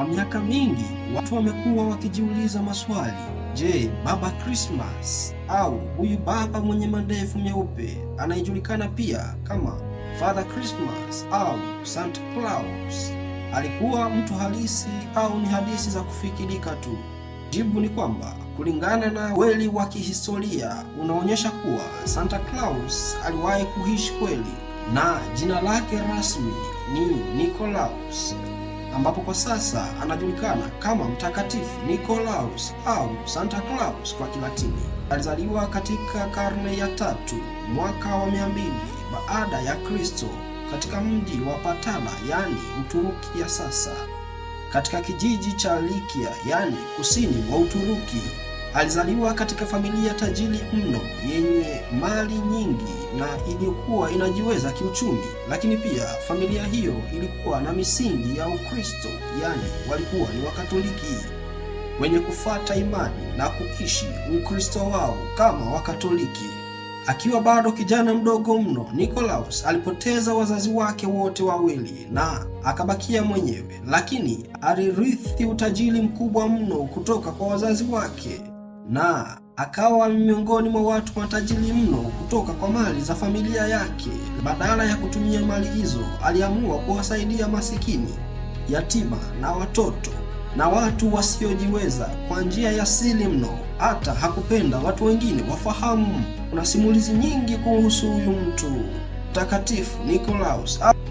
Kwa miaka mingi watu wamekuwa wakijiuliza maswali. Je, Baba Christmas au huyu baba mwenye mandefu meupe anayejulikana pia kama Father Christmas au Santa Claus alikuwa mtu halisi au ni hadithi za kufikirika tu? Jibu ni kwamba kulingana na weli wa kihistoria unaonyesha kuwa Santa Claus aliwahi kuishi kweli na jina lake rasmi ni Nikolaus ambapo kwa sasa anajulikana kama Mtakatifu Nikolaus au Santa Claus kwa Kilatini. Alizaliwa katika karne ya tatu mwaka wa 200 baada ya Kristo katika mji wa patala yani Uturuki ya sasa, katika kijiji cha Likia yani kusini mwa Uturuki. Alizaliwa katika familia tajiri mno yenye mali nyingi na iliyokuwa inajiweza kiuchumi, lakini pia familia hiyo ilikuwa na misingi ya Ukristo, yaani walikuwa ni Wakatoliki wenye kufuata imani na kuishi Ukristo wao kama Wakatoliki. Akiwa bado kijana mdogo mno, Nikolaus alipoteza wazazi wake wote wawili na akabakia mwenyewe, lakini alirithi utajiri mkubwa mno kutoka kwa wazazi wake na akawa miongoni mwa watu matajiri mno kutoka kwa mali za familia yake. Badala ya kutumia mali hizo, aliamua kuwasaidia masikini, yatima na watoto na watu wasiojiweza kwa njia ya siri mno. Hata hakupenda watu wengine wafahamu. Kuna simulizi nyingi kuhusu huyu mtu Mtakatifu au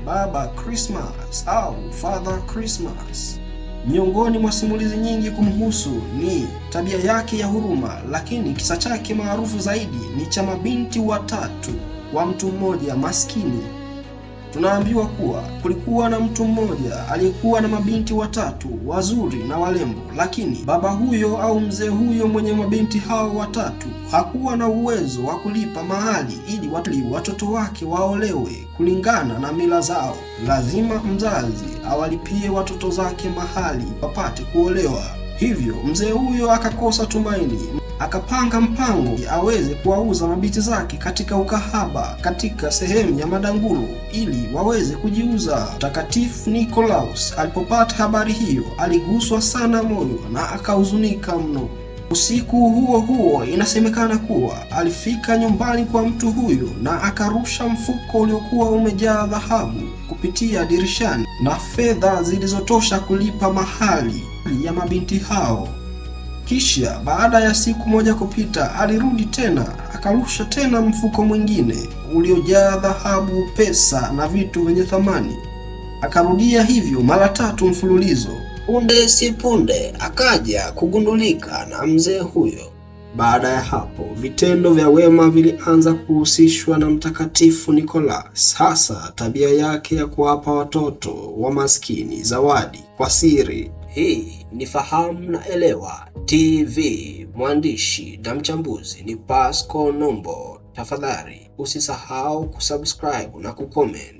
baba Christmas au Father Christmas. Miongoni mwa simulizi nyingi kumhusu ni tabia yake ya huruma, lakini kisa chake maarufu zaidi ni cha mabinti watatu wa mtu mmoja maskini tunaambiwa kuwa kulikuwa na mtu mmoja aliyekuwa na mabinti watatu wazuri na warembo, lakini baba huyo au mzee huyo mwenye mabinti hao watatu hakuwa na uwezo wa kulipa mahali ili watoto wake waolewe. Kulingana na mila zao, lazima mzazi awalipie watoto zake mahali wapate kuolewa. Hivyo mzee huyo akakosa tumaini akapanga mpango aweze kuwauza mabinti zake katika ukahaba katika sehemu ya madangulo ili waweze kujiuza. Mtakatifu Nikolaus alipopata habari hiyo aliguswa sana moyo na akahuzunika mno. Usiku huo huo inasemekana kuwa alifika nyumbani kwa mtu huyo na akarusha mfuko uliokuwa umejaa dhahabu kupitia dirishani na fedha zilizotosha kulipa mahali ya mabinti hao. Kisha baada ya siku moja kupita, alirudi tena akarusha tena mfuko mwingine uliojaa dhahabu, pesa na vitu vyenye thamani. Akarudia hivyo mara tatu mfululizo. Punde si punde akaja kugundulika na mzee huyo. Baada ya hapo, vitendo vya wema vilianza kuhusishwa na Mtakatifu nicolas hasa tabia yake ya kuwapa watoto wa maskini zawadi kwa siri. Hii ni Fahamu na Elewa TV. Mwandishi na mchambuzi ni Pascal Nombo. Tafadhali usisahau kusubscribe na kucomment.